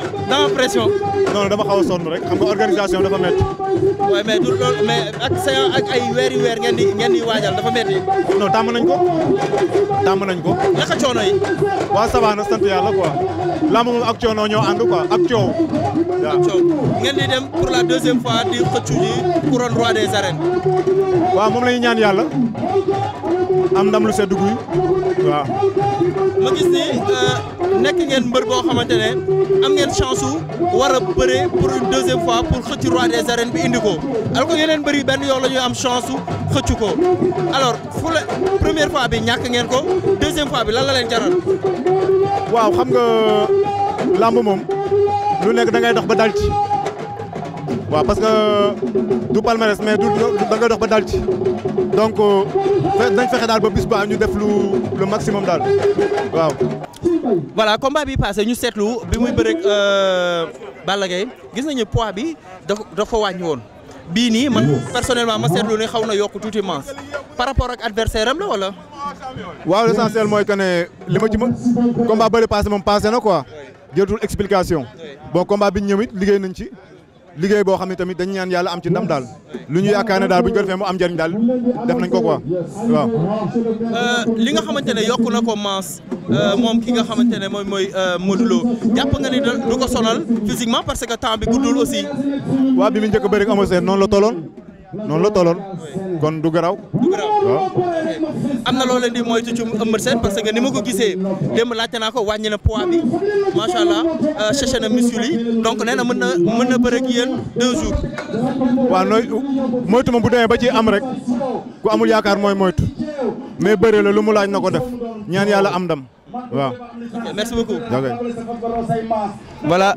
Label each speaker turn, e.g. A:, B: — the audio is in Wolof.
A: danga danga pression. xaw sonn rek xam nga organisation dafa métti. waaye mais du loolu mais ak sa ak ay weer yu weer ngeen di ngeen di waajal dafa métti. non tàmm nañ ko tàmm nañ ko. naka
B: coono yi. waaw ça sant yàlla quoi. lamb moom ak coono ñoo ànd quoi ak coow.
A: waaw coow ngeen di dem pour la deuxième fois di xëccu ji couronne roi des arènes. moom la ñuy ñaan yàlla. am ndam lu sedd guy. waaw. nekk ngeen mbër boo xamante ne am ngeen chance su war a bëree pour une deuxième fois pour xëcc roi des arènes bi indi ko alors que yeneen mbër yi benn yoon la ñuy am chance su xëcc ko alors fu la première fois bi ñàkk ngeen ko deuxième fois bi lan la leen jaral.
B: waaw xam nga làmb moom lu nekk dangay ngay dox ba dal waaw parce que du palmarès mais du da ngay dox ba dal ci donc dañ euh, fexe daal ba bis ba ñu def lu le maximum daal waaw.
A: voilà combat bi passé ñu seetlu bi muy bëreeg euh, Balla gis nañu poids bi da da ko wàññi woon bii nii man personnellement ma seetlu ne xaw na yokk tuuti masse par rapport ak adversaire am la wala.
B: waaw l'essentiel mooy que ne li ma ci ma combat bëri passé moom passé na quoi jëtul explication bon combat bi ñu ñëw liggéey nañ ci. liggéey boo xam ne tamit dañ ñaan yàlla am ci ndam daal lu ñu yaakaar ne daal bu ñu ko am
A: njëriñ daal def nañ ko quoi euh, li nga ko Euh, moom ki nga xamante ne mooy mooy euh, Modou Lo jàpp nga ni du ko sonal physiquement parce que temps bi guddul aussi. waaw bi mu njëkk a bëri Eumeu Sène noonu la toloon noonu la toloon kon du garaw du garaaw am na loo leen di moytu ci Eumeu Sène parce que ni ma ko gisee démb laajte naa ko wàññi na poids bi macha allah euh, séché na muscle donc nee mën na mën na bëre ak yéen deux
B: ma
A: bu demee ba ci am rek
B: ku amul yaakaar mooy moytu mais bëre la lu mu laaj na ko def ñaan yàlla am ndam. waaw. merci beaucoup. voilà.